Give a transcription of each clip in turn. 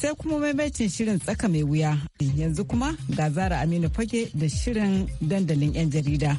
sai kuma maimacin shirin tsaka mai wuya yanzu kuma ga zara aminu fage da shirin dandalin 'yan jarida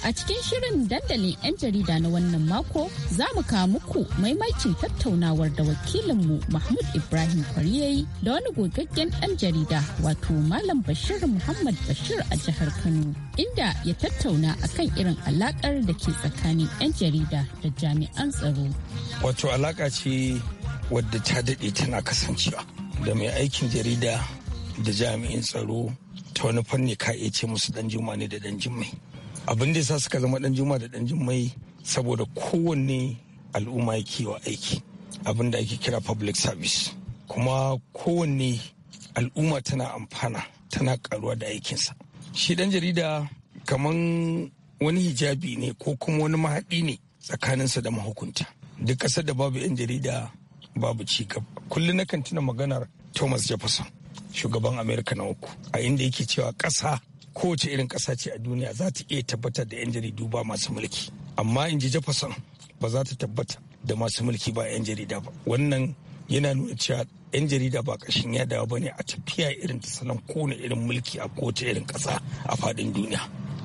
A cikin shirin dandalin 'yan jarida na wannan mako za mu ka muku maimakin tattaunawar da wakilinmu Mahmud Ibrahim Kwariyayi da wani gogaggen yan jarida wato Malam Bashir Muhammad Bashir a jihar Kano inda ya tattauna akan irin alakar da ke tsakanin 'yan jarida da jami'an tsaro. Wato alaka ce wadda ta daɗe tana kasancewa da mai aikin jarida da jami'in tsaro ta wani fanni ka ce musu dan juma ne da dan jimai. abin da ya sa suka zama dan juma da dan jummai saboda kowanne al'umma yake wa aiki abin da ake kira public service kuma kowanne al'umma tana amfana tana karuwa da aikinsa shi dan jarida kamar wani hijabi ne ko kuma wani mahaɗi ne tsakaninsa da mahukunta duk ƙasar da babu 'yan jarida babu cigaba kullum na kan tuna maganar thomas jefferson shugaban america na uku a inda yake cewa ƙasa kowace irin ƙasa ce a duniya za ta iya tabbatar da 'yan jaridu ba masu mulki amma in ji jefferson ba za ta tabbata da masu mulki ba 'yan jarida ba wannan yana nuna cewa 'yan jarida ba kashin ya dawo ba ne a tafiya irin ta salon kowane irin mulki a kowace irin ƙasa a faɗin duniya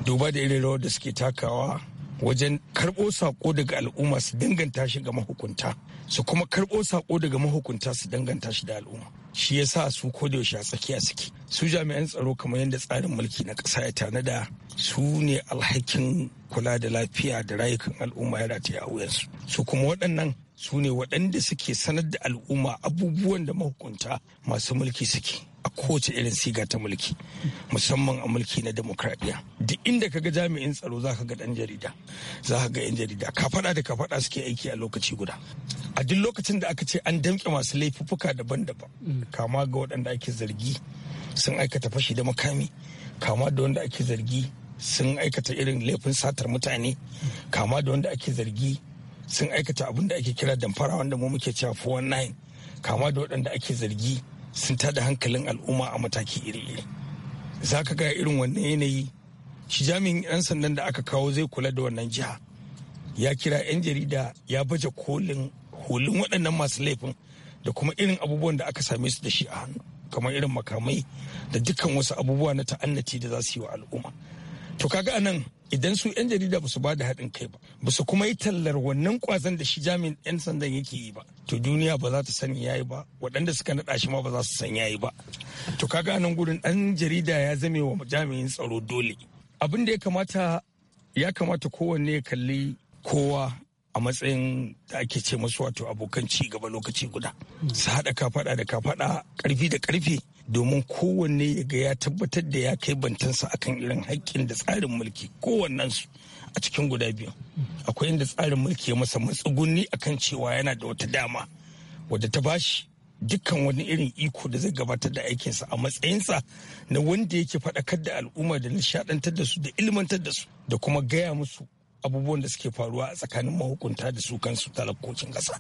duba da irin rawar da suke takawa wajen karɓo saƙo daga al'umma su danganta shi ga mahukunta su kuma karɓo saƙo daga mahukunta su danganta shi da al'umma shi ya sa su kodayaushe a tsakiya suke su jami'an tsaro kamar yadda tsarin mulki na ƙasa ya tanada su ne alhakin kula da lafiya da rayukan al'umma ya rataya a wuyansu su kuma waɗannan su ne waɗanda suke sanar da al'umma abubuwan da mahukunta masu mulki suke a kowace irin siga ta mulki musamman a mulki na demokradiyya duk inda ka ga jami'in tsaro za ka ga dan jarida za ka ga yan jarida ka faɗa da ka faɗa suke aiki a lokaci guda a duk lokacin da aka ce an damƙe masu laifuffuka daban-daban kama ga waɗanda ake zargi sun aikata fashi da makami kama da wanda ake zargi sun aikata irin laifin satar mutane kama da wanda ake zargi sun aikata abin da ake kira damfara wanda mu muke cewa 419 kama da waɗanda ake zargi sun tada hankalin al'umma a mataki iri-iri za ka ga irin wannan yanayi shi jami'in 'yan sandan da aka kawo zai kula da wannan jiha ya kira 'yan jarida ya baje kolin hulun waɗannan masu laifin da kuma irin abubuwan da aka same su da shi a hannu kamar irin makamai da dukkan wasu abubuwa na ta'annati da za su yi wa al'umma to kaga anan idan su 'yan jarida ba su ba da haɗin kai ba ba su kuma yi tallar wannan kwazon da shi jami'in 'yan sandan yake yi ba to duniya ba za ta sani yayi ba waɗanda suka naɗa shi ma ba za su san yayi ba to kaga nan gurin ɗan jarida ya zame wa jami'in tsaro dole abin da ya kamata ya kamata kowanne ya kalli kowa a matsayin da ake ce masu wato abokan ci gaba lokaci guda su haɗa kafaɗa da kafaɗa ƙarfi da ƙarfe domin kowanne ya ga ya tabbatar da ya kai bantansa akan irin haƙƙin da tsarin mulki kowannensu a cikin guda biyu akwai inda tsarin mulki ya masa matsugunni akan cewa yana da wata dama wadda ta bashi dukkan wani irin iko da zai gabatar da aikinsa a matsayinsa na wanda yake faɗakar da al'umma da nishaɗantar da su da ilmantar da su da kuma gaya musu abubuwan da suke faruwa a tsakanin mahukunta da su kansu talakocin kasa.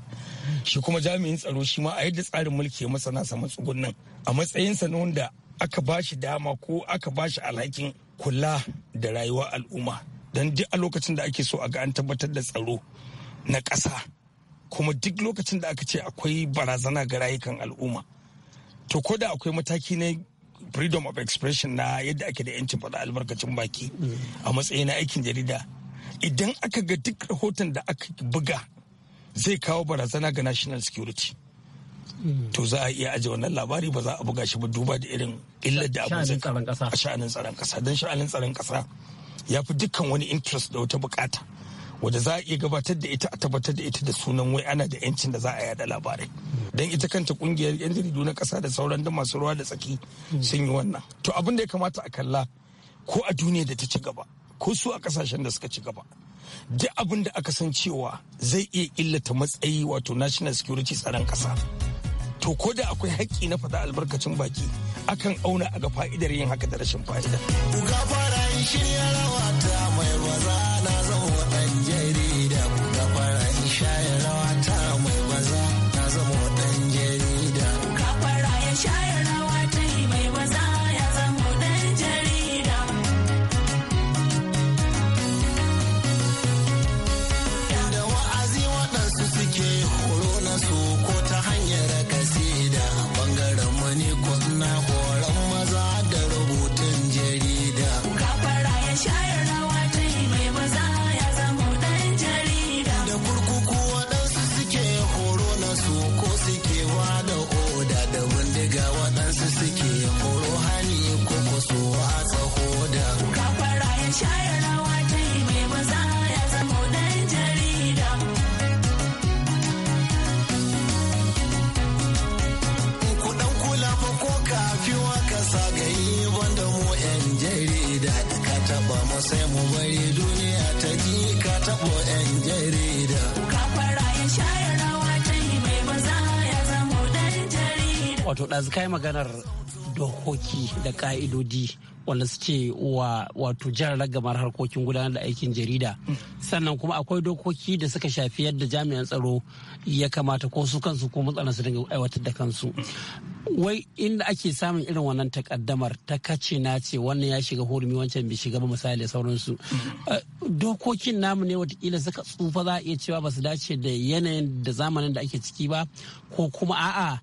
shi kuma jami'in tsaro shi ma a yadda tsarin mulki ya masana sama matsugunnan a matsayinsa na wanda aka ba shi dama ko aka ba shi alhakin kula da rayuwa al'umma don duk a lokacin da ake so a ga an tabbatar da tsaro na kasa. kuma duk lokacin da aka ce akwai barazana ga rayukan al'umma to ko da akwai mataki na freedom of expression na yadda ake da yancin faɗa albarkacin baki a matsayin aikin jarida idan aka ga duk rahoton da aka buga zai kawo barazana ga national security to za a iya aje wannan labari ba za a buga shi ba duba da irin illar da abu zai a sha'anin tsaron kasa don sha'anin tsaron kasa ya fi dukkan wani interest da wata bukata wadda za a iya gabatar da ita a tabbatar da ita da sunan wai ana da yancin da za a yada labarai don ita kanta kungiyar yan jaridu na kasa da sauran da masu ruwa da tsaki sun yi wannan to abin da ya kamata a kalla ko a duniya da ta ci gaba ko su a kasashen da suka ci gaba duk abin da aka san cewa zai iya illata matsayi wato national security tsaron kasa to ko da akwai haƙƙi na faɗa albarkacin baki akan auna a ga fa'idar yin haka da rashin fa'ida. buga fara shirya ta mai sai mu bari duniya ta ji ka taɓo 'yan jarida. Ka fara ya shayar rawa ta yi mai maza ya zama ɗan jarida. Wato ɗazu kai maganar dokoki da ka'idodi wanda suke wa wato jihar ragamar harkokin gudanar da aikin jarida sannan kuma akwai dokoki da suka shafi yadda jami'an tsaro ya kamata ko su kansu ko matsalan su dinga aiwatar da kansu wai inda ake samun irin wannan takaddamar ta kace na ce wannan ya shiga hurumi wancan bai shiga ba misali da sauransu eh, dokokin namu ne watakila suka tsufa za a iya cewa ba su dace da yanayin da zamanin da ake ciki ba ko kuma a'a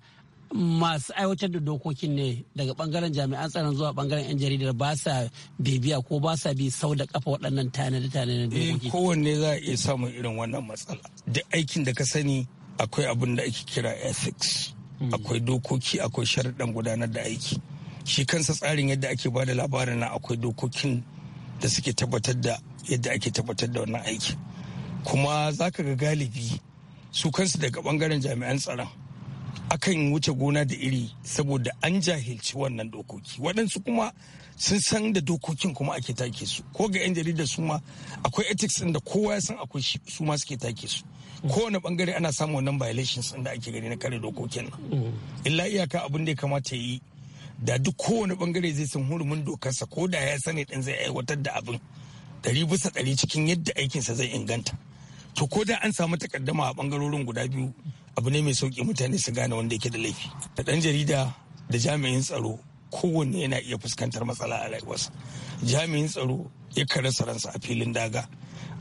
masu aiwatar da dokokin ne daga bangaren jami'an tsaron zuwa bangaren 'yan jaridar ba sa bibiya ko ba sa bi sau da kafa waɗannan tanade-tanade dokoki. Eh, kowanne za a iya samun irin wannan matsala duk aikin da ka sani akwai abin da ake kira ethics hmm. akwai dokoki akwai sharaɗan gudanar da aiki shi kansa tsarin yadda ake ba da labarin na akwai dokokin da suke tabbatar da yadda ake tabbatar da wannan aiki kuma za ka ga galibi su kansu daga bangaren jami'an tsaron akan wuce gona da iri saboda an jahilci wannan dokoki waɗansu kuma sun san da dokokin kuma ake take su ko ga 'yan jarida su ma akwai ethics ɗin da kowa ya san akwai su ma suke take su kowane bangare ana samun wannan violations da ake gani na kare dokokin nan mm. illa iyaka abin da ya kamata yi da duk kowane bangare zai san hurumin dokarsa ko da ya sani ɗin zai aiwatar da abin ɗari bisa ɗari cikin yadda aikinsa zai inganta to ko da an samu takaddama a bangarorin guda biyu abu ne mai sauki mutane su gane wanda yake da laifi da ɗan jarida da jami'in tsaro kowanne yana iya fuskantar matsala a rayuwarsa jami'in tsaro ya rasa ransa a filin daga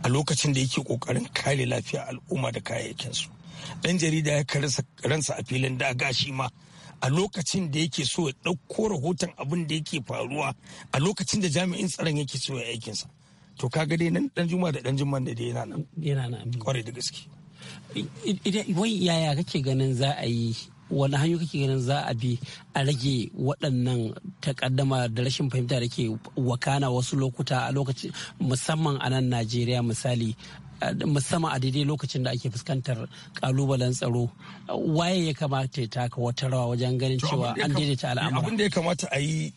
a lokacin da yake kokarin kare lafiya al'umma da kayayyakinsu ɗan jarida ya rasa ransa a filin daga shi ma a lokacin da yake so ya ɗauko rahoton abin da yake faruwa a lokacin da jami'in tsaron yake so ya aikinsa to kaga dai nan dan juma da dan juma da dai yana nan yana nan kwarai da gaske wai yaya kake ganin za a yi wani hanyoyi kake ganin za a bi a rage waɗannan takaddama da rashin fahimta da ke wakana wasu lokuta a lokacin musamman a nan najeriya misali musamman a daidai lokacin da ake fuskantar kalubalen tsaro waye ya kamata ya taka wata rawa wajen ganin cewa an daidaita al'amura abin da ya kamata a yi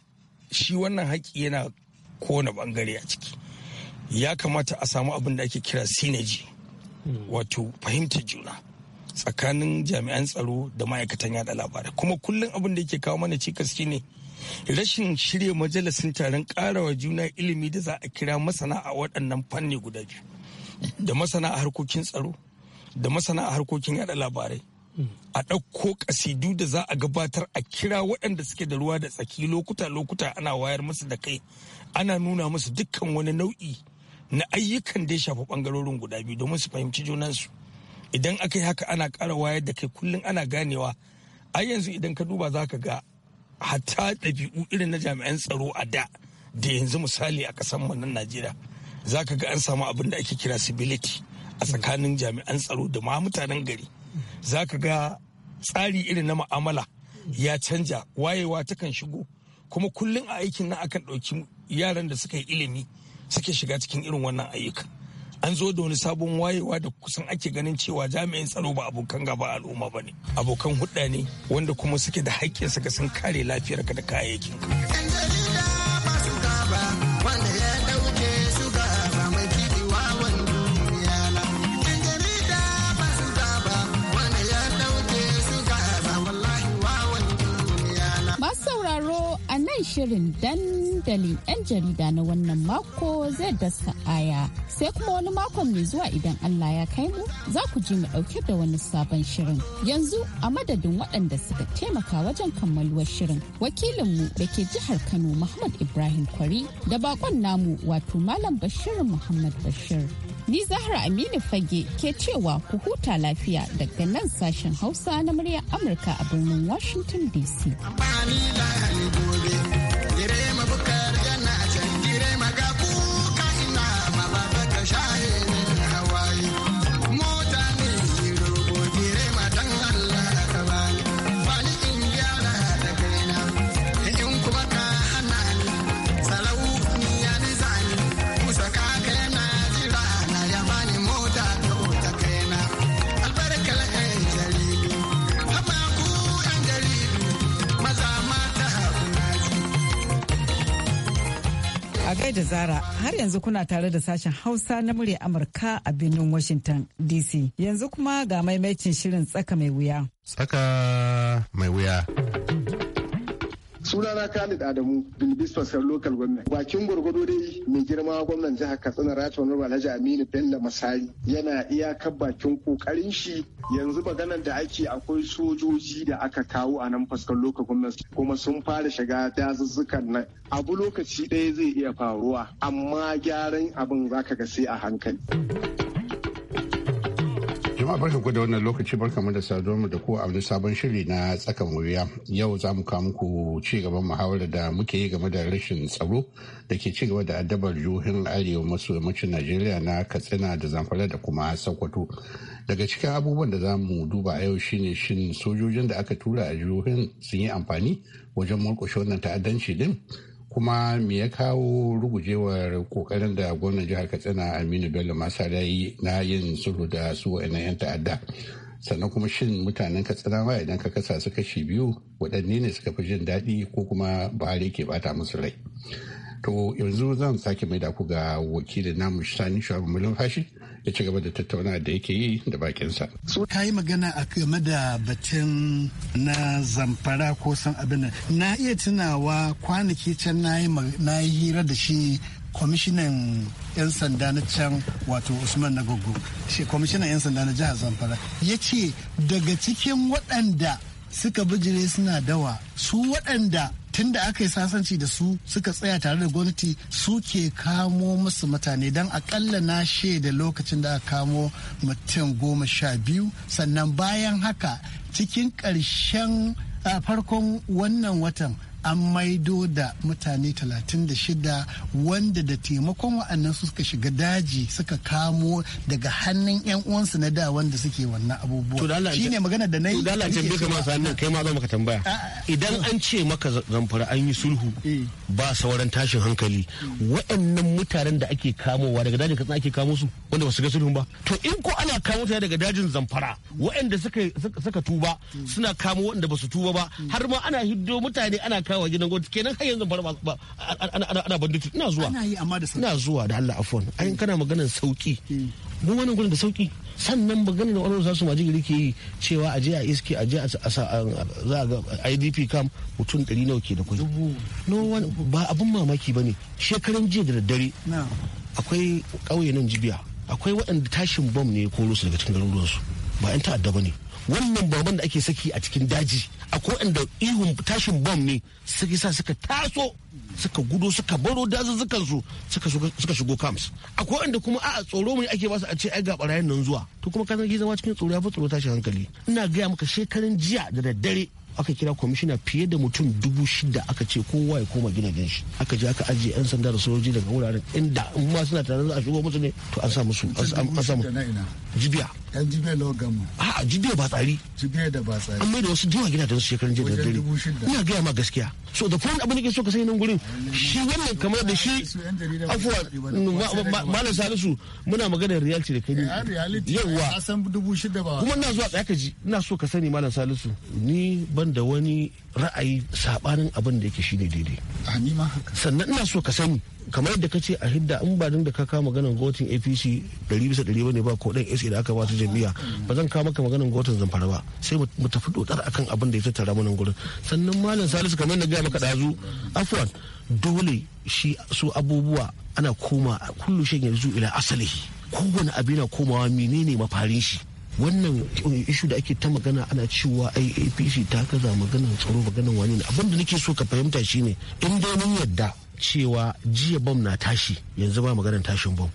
shi wannan haƙƙi yana kowane bangare a ciki ya kamata a samu abin da ake kira sinaji wato fahimtar juna tsakanin jami'an tsaro da ma'aikatan yada labarai kuma kullum abin da yake kawo mana cikas shine rashin shirya majalisun taron karawa juna ilimi da za a kira masana a waɗannan fanni guda biyu da masana a harkokin tsaro da masana a harkokin yada labarai a ɗauko ƙasidu da za a gabatar a kira waɗanda suke da ruwa da tsaki lokuta-lokuta ana wayar musu da kai ana nuna musu dukkan wani nau'i na ayyukan da ya shafi bangarorin guda biyu domin su fahimci junansu idan aka yi haka ana kara wayar da kai kullum ana ganewa a yanzu idan ka duba za ka ga hatta ɗabi'u irin na jami'an tsaro a da da yanzu misali a ƙasar mu nan najeriya za ka ga an samu abin da ake kira civility a tsakanin jami'an tsaro da ma mutanen gari za ka ga tsari irin na ma'amala ya canja wayewa takan shigo kuma kullum a aikin nan akan ɗauki yaran da suka yi ilimi suke shiga cikin irin wannan ayyukan. an zo da wani sabon wayewa da kusan ake ganin cewa jami'in tsaro ba abokan gaba al'umma ba ne abokan hudda ne wanda kuma suke da haƙƙin su ga sun kare lafiyarka da kayayyakin ka. shirin dandalin 'yan jarida na wannan mako zai dasa aya sai kuma wani makon mai zuwa idan Allah ya kai mu za ku ji mu ɗauke da wani sabon shirin yanzu a madadin waɗanda suka taimaka wajen kammaluwar shirin wakilinmu da ke jihar Kano Muhammad Ibrahim Kwari da bakon namu wato Malam Bashir Muhammad Bashir Ni Zahra Aminu Fage ke cewa ku huta lafiya daga nan sashen Hausa na murya Amurka a birnin Washington DC. Zara har yanzu kuna tare da sashen Hausa na murya Amurka a birnin Washington DC. Yanzu kuma ga maimaicin shirin tsaka mai wuya. Tsaka mai wuya. sunana Khalid Adamu Bilbiston Local Government. Bakin gwargwado dai mai girma gwamnan jihar Katsina Rachel Honorable Alhaji Aminu Bello Masari yana iyakar bakin kokarin shi yanzu maganar da ake akwai sojoji da aka kawo a nan fuskar Local Government kuma sun fara shiga dazuzzukan nan. Abu lokaci ɗaya zai iya faruwa amma gyaran abin zaka ga sai a hankali. Jama'a barkan ku da wannan lokaci barkan mu da saduwar mu da ku a wani sabon shiri na tsakan wuya. Yau za mu kawo muku ci gaban muhawarar da muke yi game da rashin tsaro da ke ci gaba da addabar juhin arewa maso yammacin Najeriya na Katsina da Zamfara da kuma Sokoto. Daga cikin abubuwan da za mu duba a yau shine shin sojojin da aka tura a juhin sun yi amfani wajen murƙushe wannan ta'addanci din kuma me ya kawo rugujewar kokarin da gwamnan jihar katsina aminu bello masara yi na yin sulhu da su wa'annan 'yan ta'adda sannan kuma shin mutanen Katsina katsinawa idan ka kasa su kashi biyu waɗanne ne suka fi jin daɗi ko kuma buhari ke bata musu rai to yanzu zan sake mai da ku ga wakilin namu sani shabu mulun fashi ya ci gaba da tattauna da yake yi da bakinsa. So ka yi magana a game da batun na zamfara ko san abin na iya tunawa kwanaki can na yi hira da shi kwamishinan 'yan sanda na can wato usman nagogo shi kwamishinan 'yan sanda na jihar zamfara ya ce daga cikin waɗanda suka bijire suna dawa su waɗanda tun da aka yi sasanci da su suka tsaya tare da gwamnati su ke kamo musu mutane don akalla na shaida lokacin da aka kamo mutum goma sha biyu sannan bayan haka cikin ƙarshen farkon wannan watan an maido da mutane 36 wanda da taimakon wa'annan su suka shiga daji suka kamo daga hannun 'yan uwansu na da wanda suke wannan abubuwa ne magana da na yi dala tambaye kai ma zama ka tambaya idan an ce maka zamfara an yi sulhu eh. ba sauran tashin hankali waɗannan mutanen da ake kamowa daga dajin katsina ake kamo su wanda ba su ga sulhun ba to in ko ana kamo ta daga dajin zamfara waɗanda suka tuba suna kamo waɗanda ba su tuba ba har ma ana hiddo mutane ana kamo wa gidan gwamnati kenan har yanzu ba ana bandutu ina zuwa ina zuwa da Allah afwan ai kana maganar sauki mu hmm. wannan gurin da sauki sannan maganar da wani za maji gari ke yi cewa aje a iske aje a za a ga idp kam mutum ɗari nawa ke da kwai ba abun mamaki ba ne shekaran jiya da daddare akwai ƙauye nan jibiya akwai waɗanda tashin bom ne ko rusu daga cikin garuruwansu ba 'yan ta'adda ba ne wannan baban da ake saki a cikin daji akwai inda ihun tashin bom ne suka sa suka taso suka gudo suka baro dazuzzukan su suka shigo camps akwai inda kuma a tsoro mu ake basu a ce ai ga barayin nan zuwa to kuma kan zama cikin tsoro ya fi tashin hankali ina gaya maka shekarun jiya da daddare aka kira kwamishina fiye da mutum dubu shida aka ce kowa ya koma gina shi aka je aka ajiye yan sanda da sojoji daga wuraren inda in ma suna tare za a shigo musu ne to an sa musu an sa jibiya dan jibiya lo gamu a a jibiya ba tsari jibiya da ba tsari amma da wasu jiwa gida da wasu shekarun jiya da dare ina gaya ma gaskiya so da fon abin da ke so ka sani nan gurin shi wannan kamar da shi afuwa malam salisu muna maganar reality da kai yawa kuma na zuwa tsaya ka ji ina so ka sani malam salisu ni ban da wani ra'ayi sabanin abin da yake shi ne daidai sannan ina so ka sani kamar yadda ka ce a hidda in ba da ka kama maganar gotin apc 100 bisa 100 bane ba ko dan sa da aka ba ta jami'a ba zan kama ka maganar gotin zamfara ba sai mu tafi dotsar akan abin da ya tattara mana gurin sannan malam salisu kamar na gaya maka dazu afwan dole shi su abubuwa ana koma kullu shan yanzu ila asali kowane abu yana komawa menene mafarin shi wannan ishu da ake ta magana ana cewa ai ta kaza maganan tsaro maganan wani ne abin da nake so ka fahimta shine in dai mun yadda cewa jiya bom na tashi yanzu ba maganar tashin bom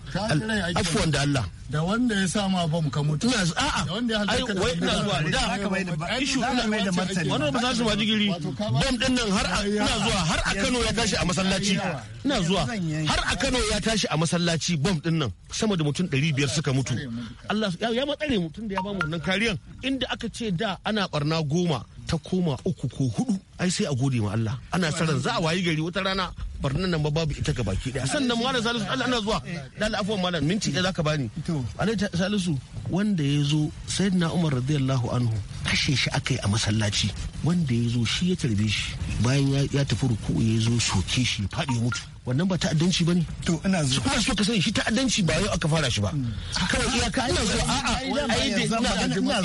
afuwan da Allah da wanda ya sa ma bom ka mutu ina a a ai wai ina zuwa da ishu ina mai da martani wannan ba za su waji giri bom din nan har ina zuwa har a Kano ya tashi a masallaci ina zuwa har a Kano ya tashi a masallaci bom din nan sama da mutum 500 suka mutu Allah ya matsare mutum da ya ba mu wannan kariyan inda aka ce da ana barna goma ta koma uku ko hudu ai sai a gode ma Allah ana saran za a wayi gari wata rana barnan nan ba babu ita ga baki daya sannan malam salisu Allah ana zuwa dan afwan malam minti da zaka bani alai salisu wanda ya zo sayyidina Umar radiyallahu anhu kashe shi akai a masallaci wanda ya zo shi ya tarbe shi bayan ya tafi ruku ya zo soke shi faɗi mutu wannan ba ta'addanci ba ne. to ina zuwa kuma so ka sani shi ta'addanci ba yau aka fara shi ba hmm. kawai iyaka ina zuwa A ai dai ina ina zuwa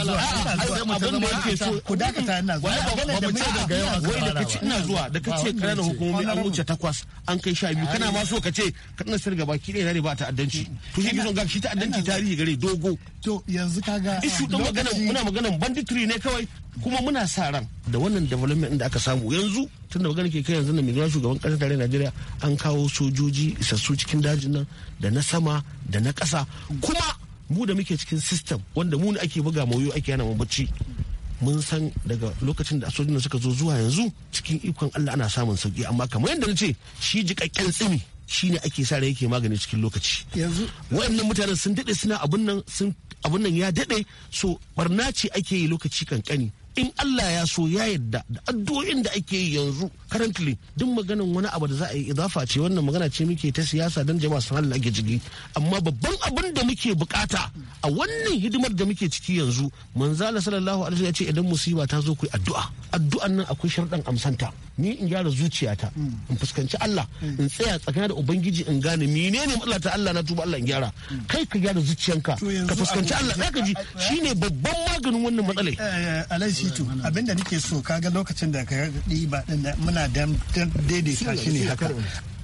abin da yake so ku dakata ina zuwa ba mu ce daga yau wai da kace ina zuwa da kace kana hukumomi an wuce takwas an kai sha biyu kana ma so ka ce kana sirga baki ɗaya ne ba ta'addanci to shi bizon ga shi ta'addanci tarihi gare dogo to yanzu kaga ishu dan magana muna magana banditry ne kawai kuma muna sa ran da wannan development da aka samu yanzu tun da magana ke kai yanzu na mai shugaban kasar tare najeriya an kawo sojoji isassu cikin dajin nan da na sama da na ƙasa kuma mu da muke cikin system wanda mu ne ake buga mawuyo ake yana mabacci. mun san daga lokacin da sojojin suka zo zuwa yanzu cikin ikon allah ana samun sauki amma kamar yadda na ce shi jiƙaƙƙen tsimi shine ake sa da yake magani cikin lokaci yanzu wayannan mutanen sun dade suna abun nan abun nan ya dade so barna ce ake yi lokaci kankani in Allah ya so ya yadda da addu'o'in da ake yi yanzu currently duk maganin wani abu da za a yi idafa ce wannan magana ce muke ta siyasa don jama'a su halin ake jigi amma babban abin da muke bukata a wannan hidimar da muke ciki yanzu manzala sallallahu alaihi ya ce idan musiba ta zo ku yi addu'a addu'an nan akwai sharɗan amsanta ni in gyara zuciyata in fuskanci Allah in tsaya tsakanin da ubangiji in gane menene Allah ta Allah na tuba Allah in gyara kai ka gyara zuciyanka ka fuskanci Allah ka ji shine babban maganin wannan matsalai eh, eh, titu abinda nake so kaga lokacin da ka ba din muna daidaita shi ne haka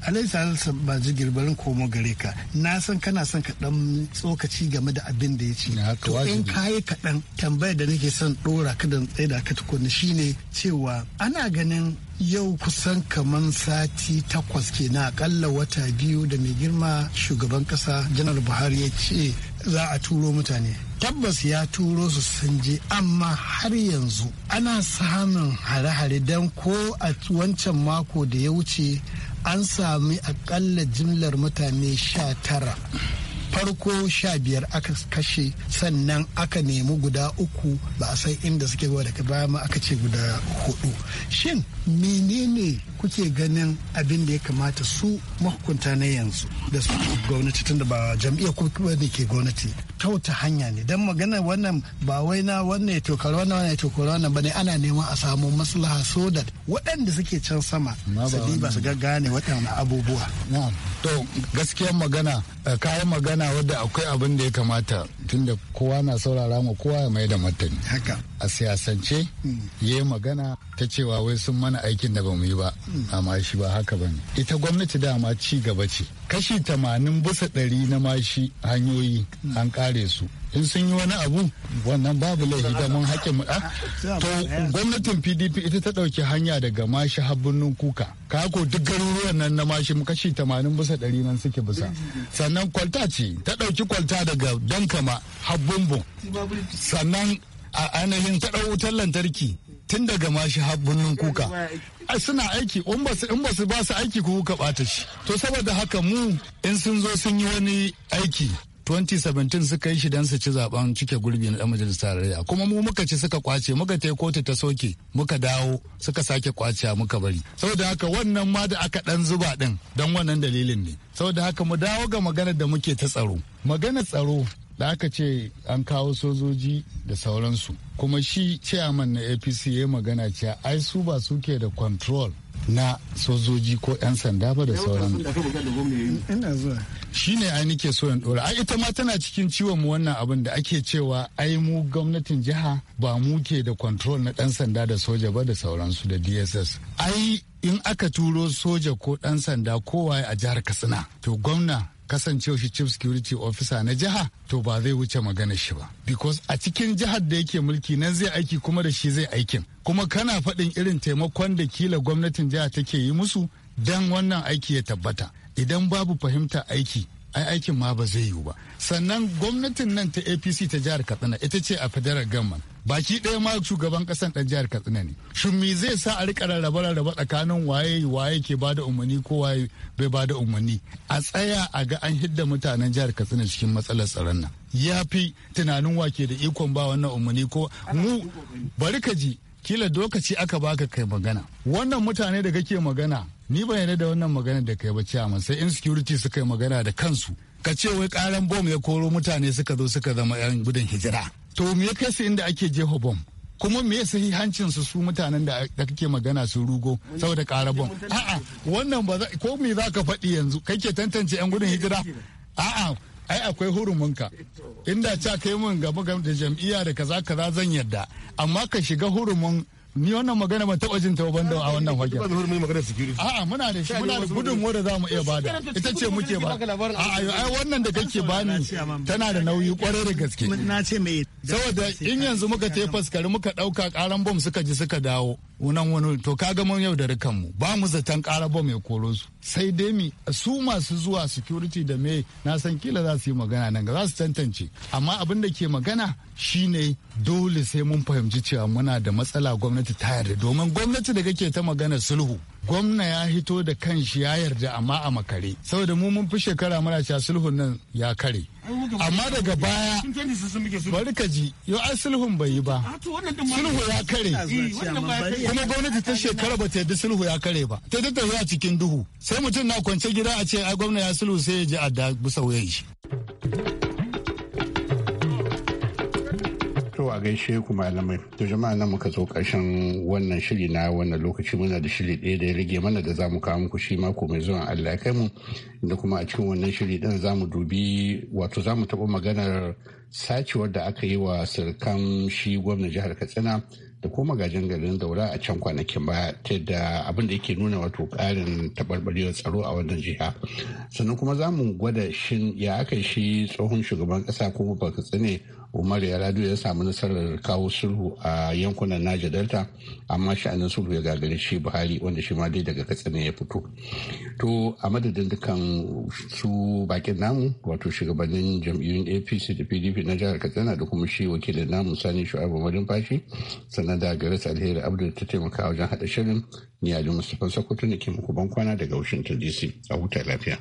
alaisa ba ji girbarin komo gare ka na san kana son ka dan tsokaci game da abin da ya ce to in kayi kaɗan tambayar da nake son ɗora ka dan tsaye da ka tukuni shine cewa ana ganin yau kusan kaman sati takwas kenan akalla wata biyu da mai girma shugaban ƙasa janar buhari ya ce za a turo mutane tabbas ya turo su sun je amma har yanzu ana samun hare-hare don ko a wancan mako da ya wuce an sami akalla jimlar mutane sha tara farko sha biyar aka kashe sannan aka nemi guda uku ba a san inda suke ba daga baya ma aka ce guda hudu shin menene kuke ganin abin da ya kamata su mahukunta na yanzu da su gwamnati tun ba jam'iyyar kuma ne ke gwamnati ta hanya ne don magana wannan ba wai na wannan to tokar wannan wannan to tokar wannan bane ana neman a samu maslaha so da waɗanda suke can sama su ba su gaggane waɗannan abubuwa to gaskiyar magana eh, kayan magana wadda akwai abin da ya kamata tunda kowa na saurara ma kowa ya mai da martani haka a siyasance hmm. ya yi magana ta cewa wai sun mana aikin da ba mu yi ba hmm. amma shi ba haka ba ita gwamnati dama ci gaba ce kashi tamanin bisa ɗari na mashi hanyoyi an kare su in sun yi wani abu wannan babu laifi da mun haƙƙin mu ah. to gwamnatin pdp ita ta ɗauki hanya daga mashi habbinin kuka kako duk garuruwan nan na mashi kashi tamanin bisa ɗari nan suke bisa sannan kwalta ce ta ɗauki kwalta daga dankama habbunbun sannan a ainihin ta dau wutar lantarki tun daga mashi habbinin kuka suna aiki in ba su ba su aiki kuka ɓata shi to saboda haka mu in sun zo sun yi wani aiki 2017 suka yi shi don su ci zaben cike gurbi na majalisar tarayya kuma mu muka ci suka kwace muka tai kotu ta soke muka dawo suka sake kwace muka bari saboda haka wannan ma da aka dan zuba din don wannan dalilin ne saboda haka mu dawo ga maganar da muke ta tsaro maganar tsaro da aka ce an kawo sojoji da sauransu kuma shi chairman na apc ya magana cewa ai su ba suke da control na sojoji ko 'yan sanda ba da sauran shi ne ai nike so in dora ai ita ma tana cikin ciwon mu wannan abin da ake cewa ai mu gwamnatin jiha ba mu ke da control na dan sanda da soja ba da sauransu da dss ai in aka turo soja ko dan sanda kowaye a jihar katsina to gwamna kasancewa shi chief security officer na jiha to ba zai wuce magana shi ba because a cikin jihar da yake mulki nan zai aiki kuma da shi zai aikin kuma kana faɗin irin taimakon da kila gwamnatin jiha take yi musu dan wannan aiki ya tabbata idan babu fahimta aiki ai aikin ma ba zai yiwu ba sannan gwamnatin nan ta apc ta jihar katsina ita ce a federal government baki ɗaya ma shugaban ƙasan ɗan jihar katsina ne shin me zai sa a rika rarraba rarraba tsakanin waye waye ke ba da umarni ko waye bai ba da umarni a tsaya a ga an hidda mutanen jihar katsina cikin matsalar tsaron nan ya fi tunanin wa ke da ikon ba wannan umarni ko mu bari ka ji kila lokaci aka baka kai magana wannan mutane da kake magana ni ban yarda da wannan magana da kai ba ciyaman sai insecurity suka yi magana da kansu ka ce wai karan bom ya koro mutane suka zo suka zama yan gudun hijira to me ya kai su inda ake jefa bom kuma me ya sahihancin su su mutanen da kake magana su rugo saboda ƙara bom a'a wannan ba ko me za ka faɗi yanzu kai ke tantance yan gudun hijira a'a ai akwai hurumunka inda ca kai mun gaba da jam'iyya da kaza kaza zan yadda amma ka shiga hurumun ni wannan magana ban taɓa jin ta ban da a wannan wajen. A'a muna da shi muna da gudun wanda za mu iya bada ita ce muke ba. A'a ai wannan da kake bani tana da nauyi kwarai da gaske. Na ce mai saboda in yanzu muka te faskari muka dauka karan bom suka ji suka dawo wunan wani to kaga mun yau da rikanmu ba mu zaton karan bom ya koro su sai dai mi su masu zuwa security da me na san kila za su yi magana nan ga za su tantance amma abin da ke magana shine dole sai mun fahimci cewa muna da matsala gwamnati ta yarda domin gwamnati da kake ta magana sulhu gwamna ya hito da kan shi ya yarda amma a makare saboda mu mun fi shekara muna cewa sulhun nan ya kare amma daga baya bari ka ji yau ai sulhun bai yi ba ah, sulhu ya kare eh, kuma gwamnati ta shekara ba ta yarda sulhu ya kare ba ta tattauna a cikin duhu sai mutum na kwance gida a ce ai gwamna ya sulhu sai ya ji adda bisa wuyan shi gaishe ku malamai. To jama'a nan muka zo karshen wannan shiri na wannan lokaci muna da shiri ɗaya da ya rage mana da za mu kawo muku shi mako mai zuwa Allah ya kai mu da kuma a cikin wannan shiri din zamu dubi wato zamu mu taɓa maganar sacewar da aka yi wa sirkan shi gwamnan jihar Katsina da kuma magajin garin daura a can kwanakin baya ta da abin da yake nuna wato karin taɓarɓarewar tsaro a wannan jiha sannan kuma zamu gwada shin ya aka shi tsohon shugaban ƙasa kuma baka tsine umar yaradu ya samu nasarar kawo sulhu a yankunan naja delta amma sha'anin sulhu ya gagari shi buhari wanda shi ma dai daga katsina ya fito to a madadin dukkan su bakin namu wato shugabannin jam'iyyun apc da pdp na jihar katsina da kuma shi wakilin namu sani shu'abu madin fashi sannan da garis alheri abdul ta taimaka wajen haɗa shirin ni ali mustapha sokoto ne ke muku bankwana daga washington dc a huta lafiya.